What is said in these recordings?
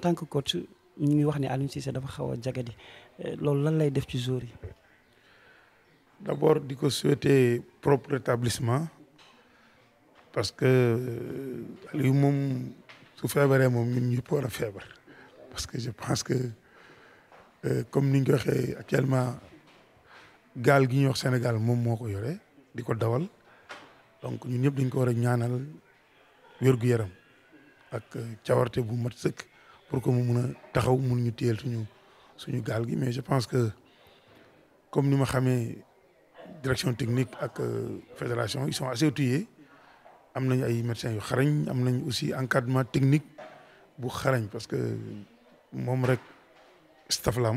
tant que coach ñu ngi wax ni Aliou Cissé dafa xaw a jagadi eh, loolu lan lay def ci joueurs yi. d' abord di ko souhaiter propre rétablissement parce que euh, Aliou moom su feebaree moom ñun ñëpp war a feebar parce que je pense que euh, comme ni ñu ko waxee actuellement gaal gi ñuy wax Sénégal moom moo ko yore di ko dawal donc ñun ñëpp dañ ko war a ñaanal wér-gu-yaram ak euh, cawarte bu mat sëkk. pour que mu mun a taxaw mu ñu téyel suñu suñu gaal gi mais je pense que comme ni ma xamee direction technique ak euh, fédération ils sont assez outillés am nañ ay médecins yu xarañ am nañ aussi encadrement technique bu xarañ parce que moom rek staflam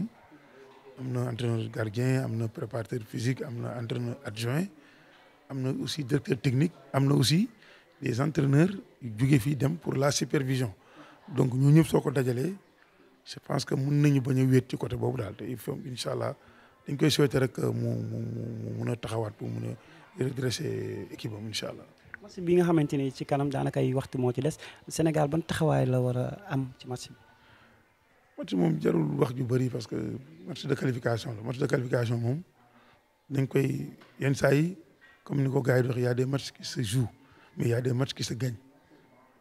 am am na entraîneur gardien am na préparateur physique am na entraîneur adjoint am na aussi directeur technique am na aussi des entraîneurs yu jóge fii dem pour la supervision donc ñu ñëpp soo ko dajalee je pense que mun nañu bañ a wéet ci côté boobu daal te il faut incha allah dañ koy souhaiter rek euh, mu mu mun a taxawaat pour mun a redresser équipe am incha allah. match bi nga xamante ni ci kanam daanaka ay waxtu moo ci des Sénégal ban taxawaay la war a am ci match bi. moom jarul wax ju bëri parce que match de qualification la match de qualification moom dañ koy yenn saa yi comme ni ko gars yi di wax y des matchs qui se jouent mais y a des matchs qui se gagnent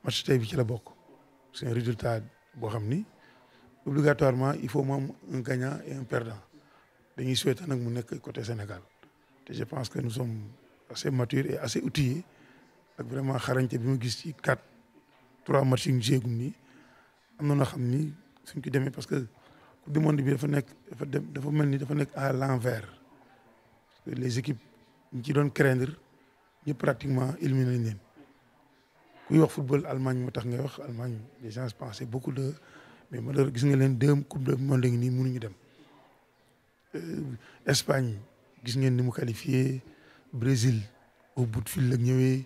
match tey bi ci la bokk. c'est résultat boo xam ni obligatoirement il faut moom am un et un perdant dañuy souhaiter nag mu nekk côté Sénégal te je pense que nous sommes assez matures et assez outillés ak vraiment xarañte bi mu gis ci quatre trois matchs yu ñu nii am na noo xam ni suñ ko demee parce que coupe du monde bi dafa nekk dafa dem dafa mel ni dafa nekk à l'envers les équipes ñu ci doon craindre ñu pratiquement éliminé nañ kuy wax football Allemagne moo tax ngay wax Allemagne les gens pensaient beaucoup de mais malheureusement gis nga leen deux coupe du monde ngi nii mënuñu dem euh, Espagne gis ngeen ni mu qualifié Brésil au bout de fil la ñëwee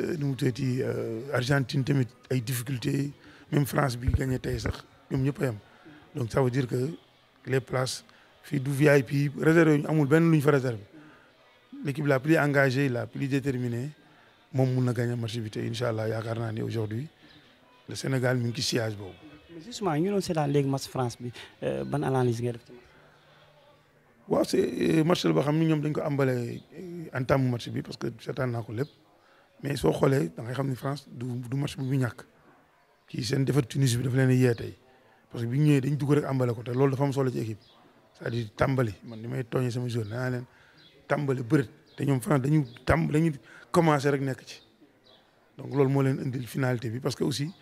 euh, nu mu tuddati euh, Argentine tamit ay difficultés même France bi gagné tey sax ñoom ñëpp yam yem donc ça veut que les places fii du via VIP réservé ñu amul benn lu ñu fa réservé l'équipe la plus engagé la plus déterminée moom mun na gagner match bi te incha allah yaakaar naa ni aujourd'hui le Sénégal mi ngi ci siège boobu. mais justement ñu doon seetaan léegi match France bi euh, ban ngay def ci waaw c'est euh, match boo xam ne ñoom dañ ko ambale euh, entame match bi parce que seetaan naa ko lépp mais soo xoolee dangay xam ni France du du match bu mu ñàkk kii seen defar Tunisie bi dafa leen yee tey parce que bi ñëwee dañ dugg rek ambale ko te loolu dafa am solo ci équipe c'est-à-dire tàmbali man ni may tooñee sama zone naa leen tàmbali bëreet. te ñoom France dañu tàmm dañu commencé rek nekk ci donc loolu moo leen indil finalité bi parce que aussi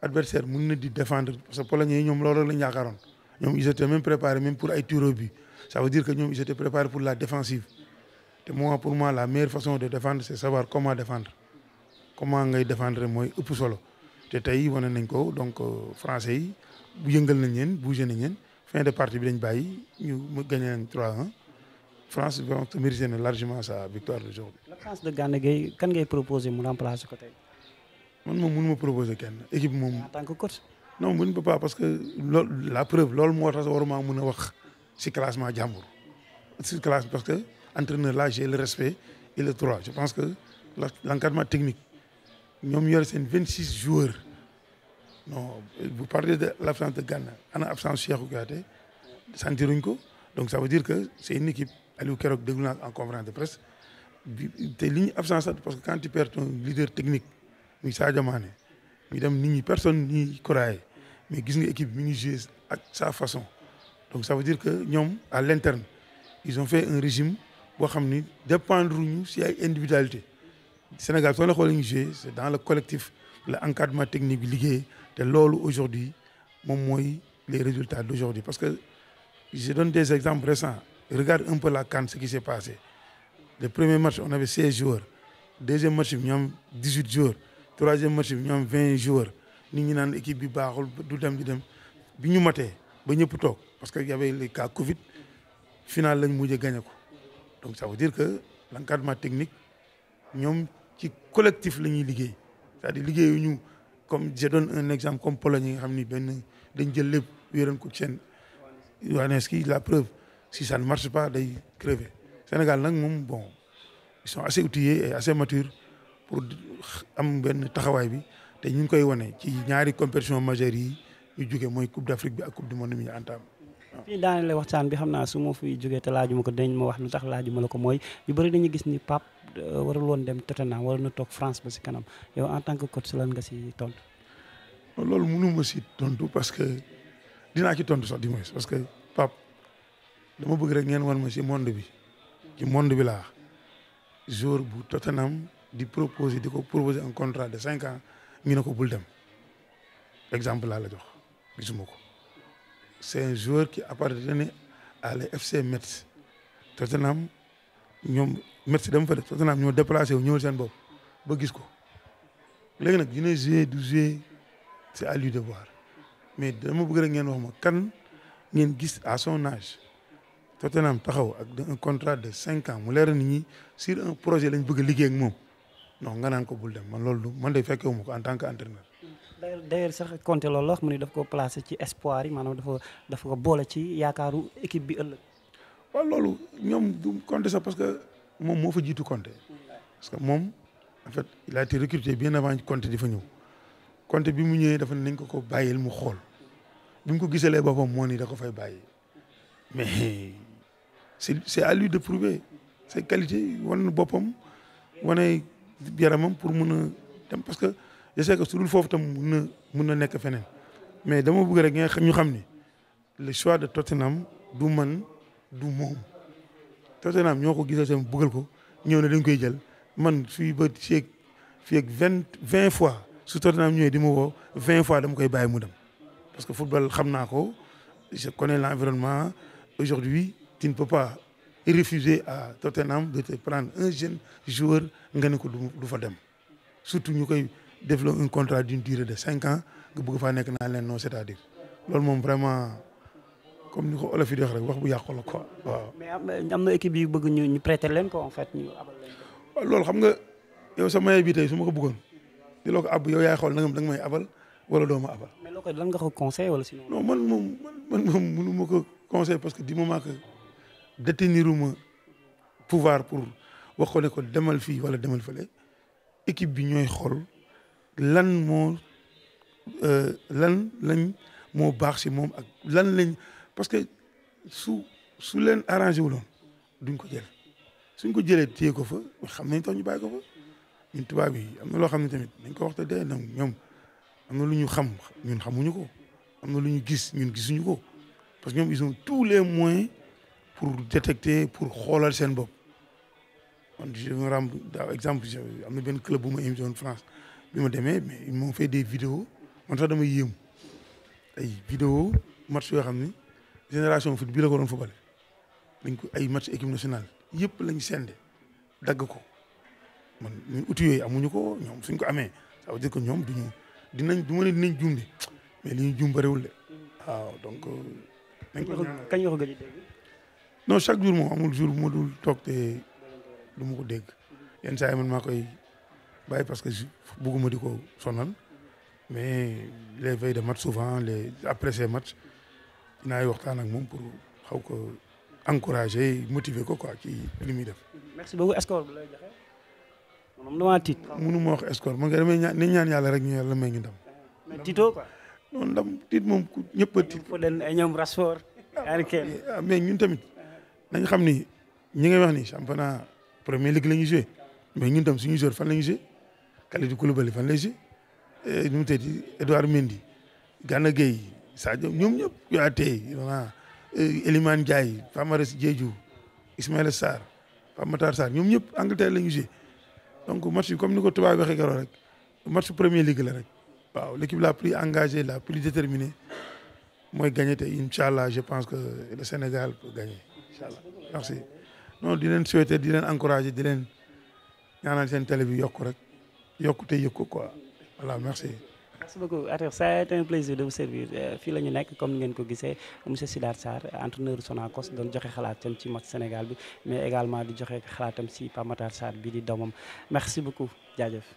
adversaire mun na di défendre parce que polonais yi ñoom loolu rek la ñu yaakaaroon ñoom ils étaient même préparés même pour ay tirs au but ça veut dire que ñoom ils étaient préparés pour la défensive te moi pour moi la meilleure façon de défendre c'est savoir comment défendre comment ngay défendre mooy ëpp solo te tey wane nañ ko donc euh, français yi bu yëngal nañ leen bougé nañ leen fin de partie bi dañ bàyyi ñu gagné nañ 3-1 France vraiment mérité na largement sa victoire d'aujourd'hui. la France de Gana Gueye kan ngay proposer mu remplacer ko tey. man moom mënu ma proposer kenn équipe moom. en tant non mënu ko parce que loolu la preuve loolu moo tax waruma mën a wax si classement jàmbur si classe parce que entraîneur la j'ai le respect et le droit je pense que l'encadrement technique ñoom yore seen vingt six joueurs non vous parlez de la l'absence de Gana ana absence Cheikhou Kouyaté sentiruñ ko donc ça veut que c'est une équipe Aliou keroog déglu na en conférence de presse te li ñu absence parce que quand tu perds ton leader technique muy Sadio Mané ñu dem nit ñi personne ñuy croyé mais gis nga équipe mi ngi joué ak sa façon donc ça veut dire que ñoom à l'interne ils ont fait un régime boo xam ni dépendre ñu si ay individualité Sénégal soo la xoolee ñu joué c'est dans le collectif le encadrement technique bi liggéey te loolu aujourd'hui moom mooy les résultats d'aujourd'hui parce que je donne des exemples récents Regarde un peu la CAN, ce qui s'est passé. Le premier match, on avait 16 joueurs. Deuxième match, nous avons 18 joueurs. Troisième match, nous avons 20 joueurs. Nous avons une équipe qui est du dem du dem. Nous avons maté, nous avons parce qu'il y avait les cas Covid. Final, nous avons gagné. Donc ça veut dire que l'encadrement technique, nous avons collectif la ñuy liggéey c'est-à-dire liggéeyuñu comme je donne un exemple comme Pologne yi nga xam ni benn dañ jël lépp wéeran ko seen Ioaneski la si ça ne marche pas day crever Sénégal nag moom bon ils sont assez outillés et assez matures pour am benn taxawaay bi te ñu ngi koy wane ci ñaari compétition majeures yi ñu jóge mooy coupe d'Afrique bi ak coupe du monde mi ñu fii daane waxtaan bi xam naa su ma fiy jógee te laaju ma ko dañ ma wax lu tax laaju ma la ko mooy ñu bëri dañuy gis ni Pape euh, warul woon dem Tottenham waroon na toog France ba si kanam yow en tant que coach lan nga si tontu. loolu mënu ma si tontu parce que di moins parce que Pape dama bëgg rek ngeen wan ma si monde bi ci monde bi laa jour bu Tottenham di proposer di ko proposer en contrat de cinq ans ñu ne ko bul dem exemple laa la jox gisuma ko c'est un joueur qui appartenait à la FC met Tottenham ñoom Metz dama fa def Tottenham ñoo déplacé wu ñëwal seen bopp ba gis ko léegi nag dina jouer du jouer c'est à de voir mais dama bëgg rek ngeen wax kan ngeen gis à sonnage Tottenham taxaw ak un contrat de cinq ans mu leeral nit ñi sur un projet lañ bëgg a liggéey ak moom non nga naan ko bul dem man loolu man de fekke wu ma ko en tant que entraîneur. d'ailleurs sax Conte loolu wax mu ne daf ko placé ci espoir yi maanaam dafa dafa ko boole ci yaakaaru équipe bi ëllëg. waaw loolu ñoom du Conte sax parce que moom moo fa jiitu Conte. parce que moom en fait il a été recruté bien avant Conte di fa ñëw. Conte bi mu ñëwee dafa ne nañ ko ko bàyyil mu xool bi mu ko gisalee boppam moo ni da ko fay bàyyi mais c'est c'est à lui de prouver ses qualités wane boppam wane yaramam pour mun a dem parce que je sais foofu tam mun na mun na nekk feneen mais dama bëgg rek nga ñu xam ni le choix de Tottenham du man du moom Tottenham ñoo ko gisal seen bëggal ko ñëw ne dañ koy jël man fii ba fii fii vingt vingt fois su Tottenham ñëwee di ma woo vingt fois dama koy bàyyi mu dem parce football xam naa ko connais l'environnement aujourd'hui tu ne peux pas refuser à Tottenham de te prendre un jeune joueur nga ne ko du fa dem surtout ñu koy def la un contrat d'une durée de cinq ans nga bëgg faa nekk naa leen non c'est-à-dire loolu moom vraiment comme ni ko olof yi di wax bu yàqu la quoi waaw. mais am na équipe yu bëgg ñu ñu prêter leen ko en fait ñu abal leen waaw loolu xam nga yow sa maye bi tey su ma ko di abal wala doo abal. mais nga ko conseil wala sinon. non man moom ma ko conseil parce que du moment déteniruma pouvoir pour wax ko ko demal fii wala demal fële équipe bi ñooy xool lan moo euh, lan lañ moo baax si moom ak lan lañ parce que su su leen arrangé wuloon duñ ko jël suñ ko jëlee téye ko fa xam nañ tax ñu bàyyi ko fa ñun tubaab yi am na loo xam ne tamit nañ ko wax te dee nag ñoom am na lu ñu xam ñun xamuñu ko am na lu ñu gis ñun gisuñu ko parce ñoom ils tous les moyens pour détecter pour xoolal seen bopp on je me rends daaw exemple am na benn club bu ma invité woon France bi ma demee mais ils m'ont fait des vidéos man sax dama yéemu ay vidéo match yoo xam ni génération foot bii ko doon fubale dañ ko ay match équipe nationale yëpp lañ sende dagg ko man ñun outils yooyu amuñu ko ñoom suñ ko amee ça veut dire que ñoom duñu dinañ du ma ne dinañ juum de mais li ñu juum bëriwul donc. Euh, kañ nga ko gëj non chaque jour moom amul jour bu ma dul toog te du ma ko dégg yenn saa yi man maa koy bàyyi parce que bugguma di ko sonal mais les veilles de match souvent les après ces matchs dinaay waxtaan moom pour xaw ko encourager motiver ko quoi ci li muy def. merci beaucoup score bi lay joxe moom damaa tiit. mënu ma wax score man nga damay ñaan ñaan yàlla rek ñu yàlla may ñu ndam. mais tiito ndam tiit moom ku ñëpp tiit. ñoom ah, ah, ñun tamit. nañ xam ni ñi ngay wax ni championnat premier ligue lañu ñuy joué mais ñun tam suñu joueur fan la ñuy joué Kalidou Koulibaly fan lay joué eh, nu mu tëddee Edouard Mendy Gana Gueye Sadio ñoom ñëpp yaa tey vraiment Elimane Ndiaye Famaris Diédhiou Ismaïla Sarr Pape Matar Sarr ñoom ñëpp Angleterre la ñuy joué donc match yi ni ko tubaab waxee rek match premier ligue la rek waaw l'équipe la plus engagée la plus déterminée mooy gagné tey incha allah je pense que le Sénégal peut gagner incha allah merci non di leen souhaiter di leen encourager di leen ñaanal seen télé bi yokk rek yokk te yëg ko quoi voilà merci. merci beaucoup Atekh ça a été un plaisir de vous servir euh, la ñu nekk comme ngeen ko gisee monsieur Sidar Sarr entraîneur Sonacos doon joxe xalaatam ci mat Sénégal bi mais également di joxe xalaatam si Pape Matar Sarr bi di doomam merci beaucoup jaajëf.